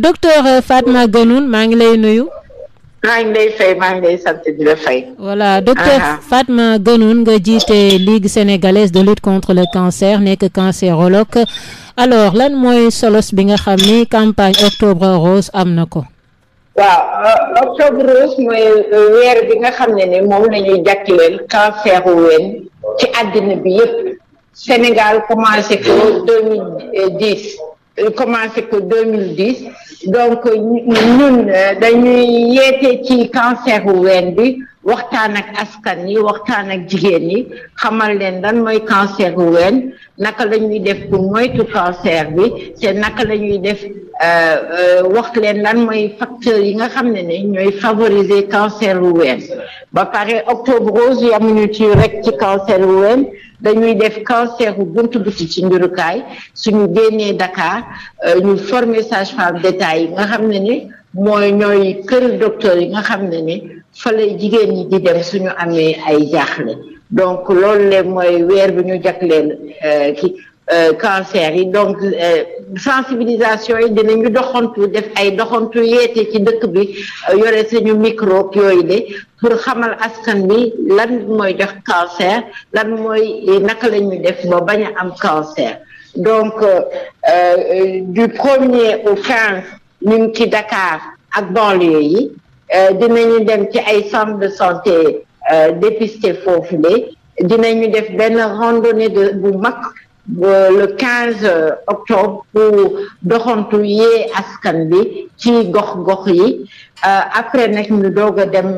docteur euh, Fatma Guenoune maa ngi lay nuyu. maa ngi lay Fatma Guenoune nga jiite Ligue sénégalaise de lutte contre le cancer nekk cancérologue alors lan mooy solos bi nga xam ni campagne octobre rose am na ko. waaw euh, octobre rose mooy euh, weer bi nga xam ne ni moom la ñuy jàkkleel cancer wu ci àddina bi yépp Sénégal commencé ko Euh, commencé ko 2010 donc euh, ñun euh, dañuy yeete ci cancer wu ween bi waxtaan ak askan yi waxtaan ak jigéen yi xamal leen lan mooy cancer wu ween naka lañuy def pour moytu cancer bi te naka la ñuy def wax leen lan mooy facteurs yi nga xam ne ni ñooy favoriser cancer wu ween ba pare octobre rose yamuñu ci rek ci cancer wu ween dañuy def cancer bu buntu biti ci njurukaay suñu génnee Dakar euh, ñu former sage-femme d'État yi nga xam ne ni mooy ñooy kër docteur yi nga xam ne ni fa lay jigéen ñi di dem suñu amee ay jaaxle donc loolu le mooy weer bi ñu jagleel euh, ki Euh, cancer yi donc euh, sensibilisation yi dinañu doxantu def ay doxantu yeete ci dëkk bi euh, yore suñu micro yooyu de pour xamal askan bi lan mooy jox cancer lan mooy naka la def ba bañ a am cancer donc du premier au quinze ñu ngi ci Dakar ak banlieue yi dina ñu dem ci ay centre de santé dépisté foofu de ñu def benn randonnée de bu mag Euh, le 15 euh, octobre pour doxantu yee askan bi ci gox-gox yi euh, après nag ñu doog dem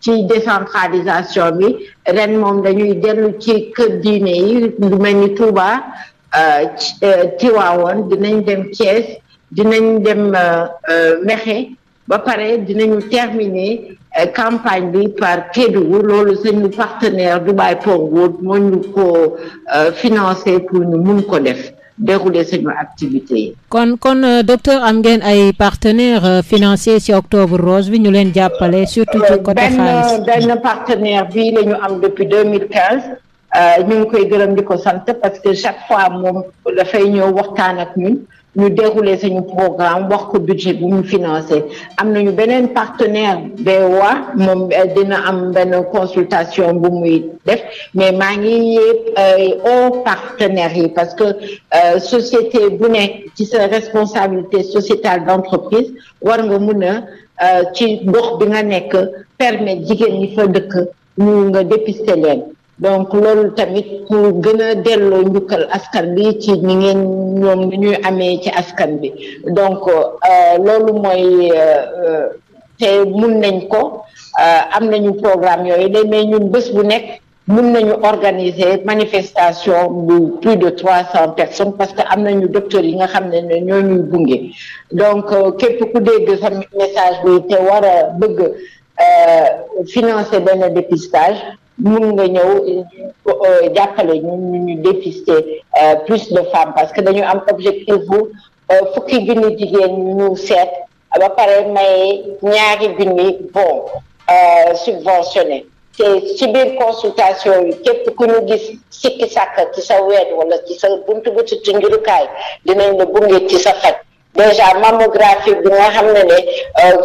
ci décentralisation bi ren moom dañuy dellu ci kër diine yi lu mel ni Touba Tiwaawoon dinañ dem Thiès dinañ dem Mexe ba pare dinañu terminer Euh, campagne bi par Kédougou loolu suñu partenaire Dubai Pongwood moo ñu ko euh, financé pour ñu mun ko def dérouler suñu activité kon kon euh, docteur am ngeen ay partenaires financier ci octobre rose bi ñu leen jàppale surtout ci côté xaalis. benn benn partenaire bi la ñu am depuis 2015 ñu ngi koy gërëm sant parce que chaque fois moom dafay ñëw waxtaan ak ñun. ñu dérouler suñu programme wax ko budget bu mu financé am nañu beneen partenaire BOA moom euh, dina am benn consultation bu muy def mais maa ngi yëpp euh, au yi parce que euh, société bu nekk ci sa responsabilité sociétale d'entreprise war nga mun a ci gox bi nga nekk permettre jigéen ñi fa dëkk ñu nga dépister leen donc loolu tamit pour gën a delloo njukkal askan bi ci ñi ngeen ñoom ni ñuy amee ci askan bi donc euh, loolu mooy euh, te mun nañ ko euh, am nañu programme yooyu day mais ñun bës bu nekk mun nañu organiser manifestation bu plus de trois cents personnes parce que am nañu docteurs yi nga xam ne ne ñoo ñuy gunge donc képp ku dégg sa message bi te war a bëgg financer benn dépistage mun nga ñëw euh, jàppale ñun ñu ñu dépister euh, plus de femmes parce que dañu am objectif bu euh, fukki junni jigéen ñu seet ba pare maye ñaari junni bon subventionné te ci biir consultation yi képp ku ñu gis sikki sàkk ci sa ween wala ci sa buntu buntu ci njurukaay dinañ la bunge ci sa faj déjà mammographie bi nga xam ne ne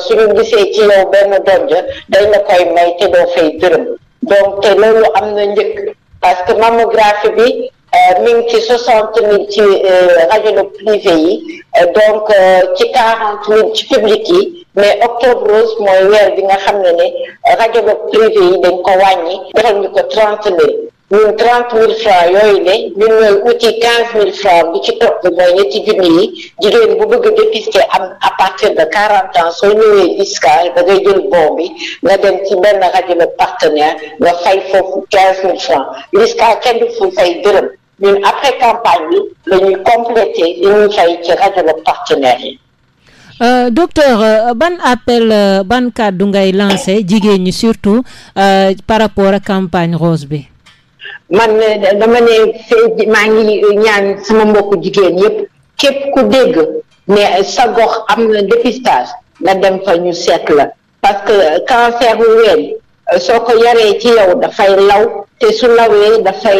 suñu gisee ci yow benn donj dañ la koy may te doo fay dërëm donc te loolu am na njëkk parce que mammographie bi euh, mi ngi ci soixante mille ci euh, radiologue privé yi euh, donc ci quarante mille ci public yi mais octobre rose mooy weer bi nga xam ne ne radiologue privé yi dañ ko wàññi defal ñu ko trente mille ñun trente mille francs yooyu ne ñun ñooy uti mille francs bi ci topp mooy ñetti junni yi jigéen bu bëgg dépister am à partir de ans soo ñëwee Disca da ngay jël bon bi nga dem ci benn rajo partenaire nga fay foofu quinze mille francs kenn fu fay dërëm ñun après campagne bi la ñuy li ñuy fay ci rajo partenaire yi Euh, euh ban appel euh, ban kàddu ngay lancé jigéen ñi surtout euh, par rapport ak campagne rose bi man eh, dama ne fee maa ngi eh, ñaan sama mbokku jigéen yépp képp ku dégg ne sa gox am na dépistage nga dem fa ñu seet la parce que eh, cancer wu ween soo ko yaree ci yow dafay law te su lawee dafay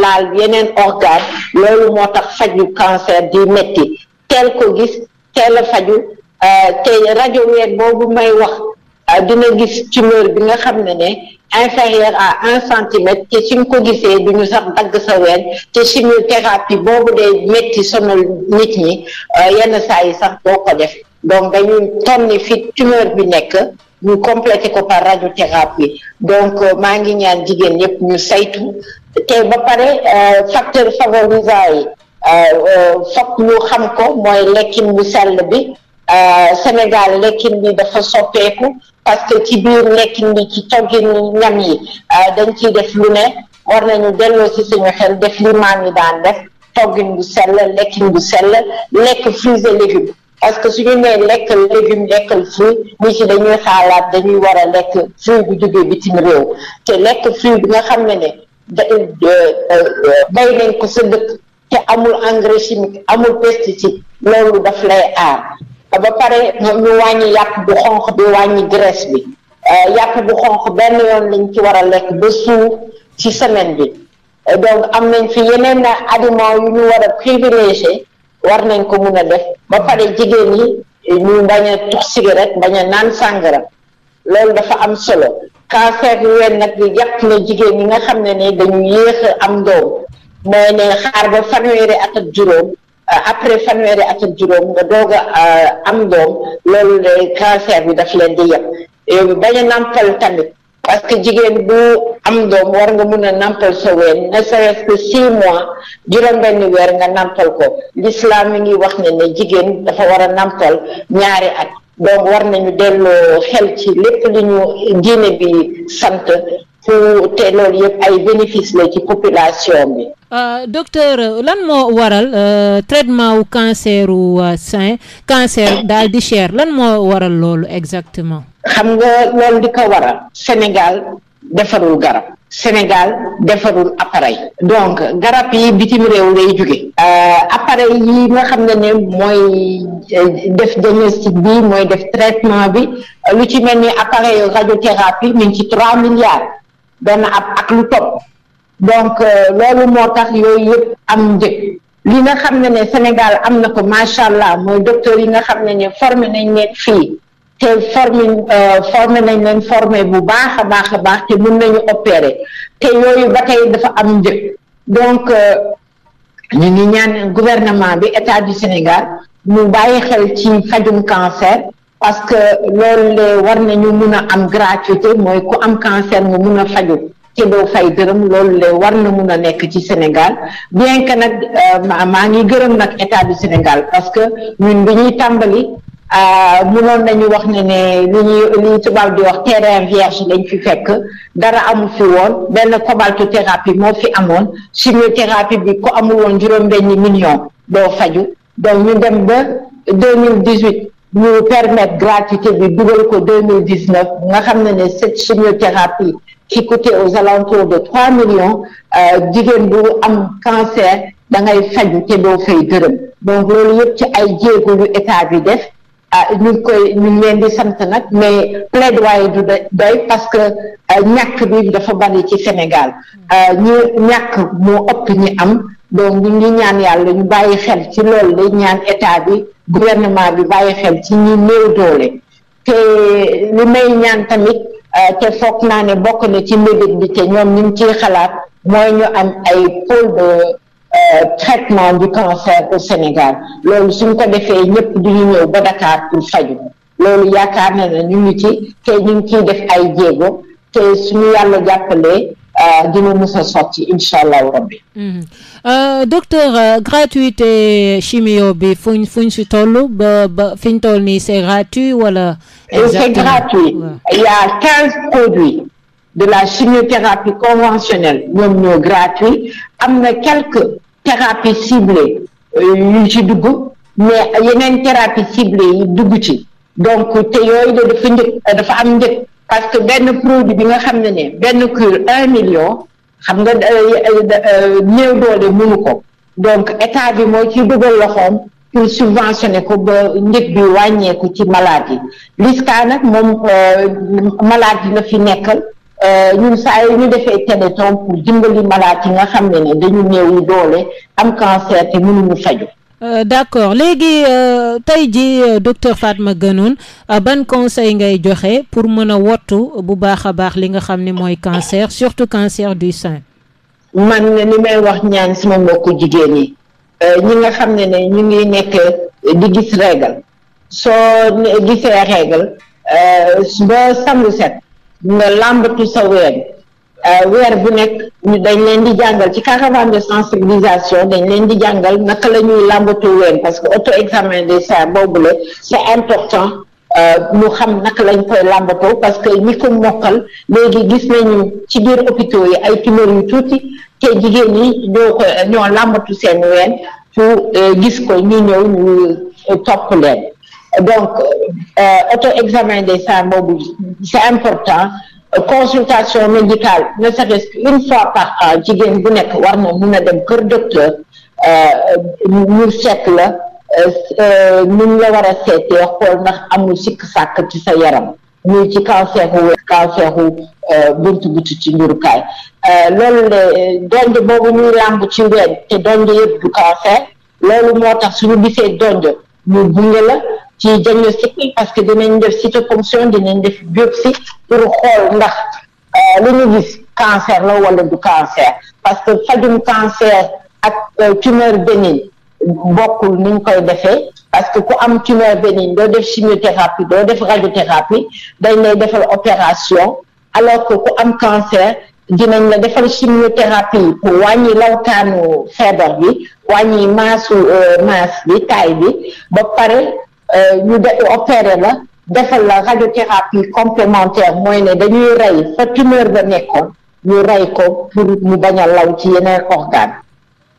laal yeneen organe loolu moo tax faju cancer di metti teel ko gis teel a faju te rajo ween boobu may wax dina gis tumeur bi nga xam ne ne inférieur à un centimètre te suñ ko gisee du ñu sax dagg sa ween te chimiothérapie boobu day métti sonal nit ñi euh, yenn saa yi sax doo ko def donc dañuy tonni fi tumeur bi nekk ñu complété ko par radiothérapie donc euh, maa ngi ñaan jigéen yépp ñu saytu te ba pare euh, facteur favorisant yi fokk ñu xam ko mooy lekkin bu sell bi Euh, Sénégal lekkin bi dafa soppeeku parce que ci biir lekkin bi ci toggin ñam yi euh, dañ ciy def lu ne war nañu delloo ci suñu xel def li maam yi daan def toggin bu sell lekkin bu sell lekk fruits et légumes parce que suñu nee lekkal légume lekkal fruit ñi ci dañuy xaalaat dañuy war a lekk fruit bu jógee bitim réew te lekk fruit bi nga xam ne ne euh, bay nañ ko sa dëkk te amul engrais chimique amul pesticide loolu daf lay aar ba pare ñoom ñu wàññi yàpp bu xonq bi wàññi graisse bi euh, yàpp bu xonq benn yoon lañ ci war a lekk ba suuf ci semaine bi euh, donc am nañ fi yeneen aliment yu ñu war a privilégié war nañ ko mun a def ba pare jigéen yi ñu bañ a cigarette bañ naan sàngara loolu dafa am solo cancer yu ween nag yàq na jigéen ñi nga xam ne ne dañu yéex am doom mooy ne xaar ba fanweeri at ak juróom Euh, après fanweeri at ak juróom nga doog euh, am doom loolu de cancer bi daf leen di yëpp bañ a nàmpal tamit parce que jigéen bu am doom war nga mun a nàmpal sa ween ne serait-ce que six mois juróom-benn weer nga nàmpal ko l'islam mi ngi wax na ne jigéen dafa war a nàmpal ñaari at donc war nañu delloo xel ci lépp li ñu diine bi sant pour te loolu yëpp ay bénéfice la ci population bi. Euh, docteur lan moo waral euh, traitement wu cancer wu euh, sein cancer daal di cher lan moo waral loolu exactement. xam nga loolu di ko waral. Sénégal defarul garab. Sénégal defarul appareil. donc garab yi bitim réew lay jóge. appareil yi nga xam ne ne mooy def diagnostic bi mooy def traitement bi lu ci mel ni appareil radiothérapie mi ngi ci trois milliards. benn at ak lu topp donc euh, loolu moo tax yooyu yëpp am njëg li nga xam ne ne Sénégal am na ko macha allah mooy docteur yi nga xam ne ne formé nañ leen fii te formé euh, formé nañ leen formé bu baax a baax a baax te mën nañu opérer te yooyu ba tey dafa am njëg donc euh, ñu ngi ñaan gouvernement bi état du Sénégal mu bàyyi xel ci fajum cancer parce que loolu le war nañu mun a am gratuité mooy ku am cancer nga mun a faju te doo fay dërëm loolu le war na mun a nekk ci Sénégal bien que nag euh, maa ngi gërëm nag état du Sénégal parce que ñun bi ñuy tàmbali euh, mënoon nañu wax ne ne li ñuy li tubaab di wax terrain vierge lañ fi fekk dara amu fi woon benn cobaltothérapie moo fi amoon chimiothérapie bi ko amul woon juróom-benni million doo faju donc ñu dem ba deux mille dix-huit ñu permettre gratuité bi dugal ko deux mille dix neuf nga xam ne ne cette chimiothérapie qui coûtait aux alentours de trois millions euh, jigéen bu am cancer da ngay faju te doo fay dërëm donc loolu yëpp ci ay jéego yu état bi def ah, ñu ngi koy ñu leen di sant nag mais plaidoyer du doy parce que euh, ñàkk bi dafa bari ci Sénégal euh, ñu ñàkk moo ëpp ñi am donc ñu ngi ñaan yàlla ñu bàyyi xel ci loolu la ñaan état bi gouvernement bi bàyyi xel ci ñi néew doole te li may ñaan tamit euh, te foog naa ne bokk na ci mébét bi te ñoom ñu ngi ciy xalaat mooy ñu am ay pôle de euh, traitement du cancer au Sénégal loolu suñ ko defee ñëpp du ñu ñëw ba dakaar pour faju loolu yaakaar na ne ñu ngi ci te ñu ngi ciy def ay jéego te suñu yàlla jàppalee Euh, dina mës a sotti incha allahu rabbi. Mhm. Euh, docteur euh, gratuité chimio bi fuñ fuñ si toll ba ba fi ñu toll nii gratuit wala. exactement c' est gratuit il quinze produits de la chimiothérapie conventionnelle ñoom ñoo gratuit am na quelques thérapies ciblées yu ci dugg mais yeneen thérapies ciblées yi dugg ci donc te yooyu de dafa njëkk dafa am njëkk. parce que benn produit bi nga xam ne ni benn cure un million xam nga euh, euh, euh, néew doole mënu ko donc état bi moo ci dugal loxoom pour subventionner ko ba njëg bi wàññeeku ci malade yi LISCA nag moom malade yi la fi nekkal ñun saa yi ñu defee téléthon pour dimbali malade yi nga xam ne ne dañu néew doole am cancer te mënuñu faju Euh, d'accord léegi euh, tey jii euh, docteur ma gënoon ban conseil ngay joxe pour mën a wottu bu baax a baax li nga xam ni mooy cancer surtout cancer du sein. man li may wax ñaan sama mbokku jigéen ñi ñi nga xam ne ne ñu ngi nekk di gis règle soo gisee règle ba sangu set nga làmbatu sa ween. Euh, weer bu nekk ñu dañ leen di jàngal ci caravane de sensibilisation dañ leen di jàngal naka la ñuy làmbatu ween parce que auto examen des seins boobu la c'est important euh, ñu xam naka lañ koy làmbatoo parce que ñi ko mokkal léegi gis nañu ci biir hôpitaux yi ay tumeur yu tuuti te jigéen ñoo ko làmbatu seen ween pour euh, gis ko ñu ñëw ñu topp leen donc auto examen des seins boobu c'est important consultation médicale ne serait-ce qu'une fois par jigéen bu nekk war na mun a dem kër docteur ñu euh, seet la ñu euh, la war a seetee xool ndax amul sikk sàkk ci sa yaram muy ci cancer wu cancer wu buntu euh, buntu ci njurukaay loolu de donj boobu ñuy làmb ci ween te donj yëpp du cancer loolu moo tax suñu gisee donj ñu gunge la ci diagnostic parce que dinañ def cytoponction dinañ def biopsie pour xool ndax euh, lu ñu gis cancer la wala du cancer parce que fajum cancer ak euh, tumeur bénigne bokkul ni ñu koy defee parce que ku am tumeur bénigne doo def chimiothérapie doo def radiothérapie dañ lay defal opération alors que ku am cancer dinañ la defal chimiothérapie pour wàññi lawtaanu feebar bi wàññi maasu euh, bi taay bi ba pare Euh, ñu de opéré la defal la radiothérapie complémentaire mooy ne dañuy rey fa tumeur ba nekkoon ñu rey ko pour mu bañ a law ci yeneen organe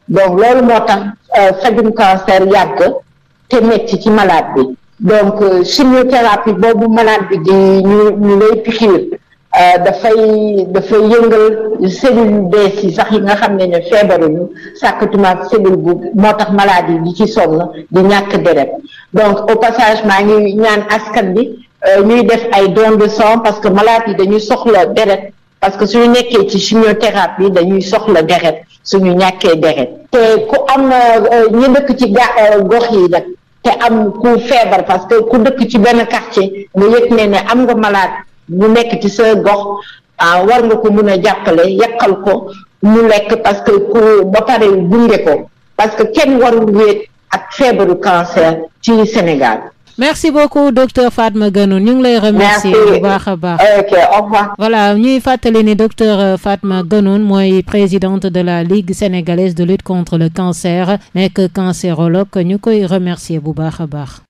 donc loolu moo tax euh, fajum cancer yàgg te metti ci malade bi donc euh, chimiothérapie boobu malade bi di ñu ñu lay piqûre dafay dafay yëngal cellule bees yi sax yi nga xam ne ne feebaruñu sàkkatumaak cellule bu moo tax maladie yi di ci sonn di ñàkk deret donc au passage maa ngi ñaan askan bi euh, ñuy def ay don de sang parce que malaat yi dañuy soxla deret parce que suñu nekkee ci chimiothérapie dañuy soxla deret suñu ñàkkee deret te ku am euh, ñu dëkk ci ga euh, gox yi nag te am ku feebar parce que ku dëkk ci benn quartier nga yëg ne ne am nga malaat bu nekk ci sa gox ah war nga ko mun a jàppale yàqal ko mu lekk parce que ku ba pare gunge ko parce que kenn warul wéet ak feebaru cancer ci merci beaucoup docteur Fatma Guenoune ñu ngi lay remercier bu baax a baax ok au revoir voilà ñuy fàttali ni docteur euh, Fatma Guenoune mooy présidente de la ligue sénégalaise de lutte contre le cancer nekk cancérologue ñu koy remercier bu baax a baax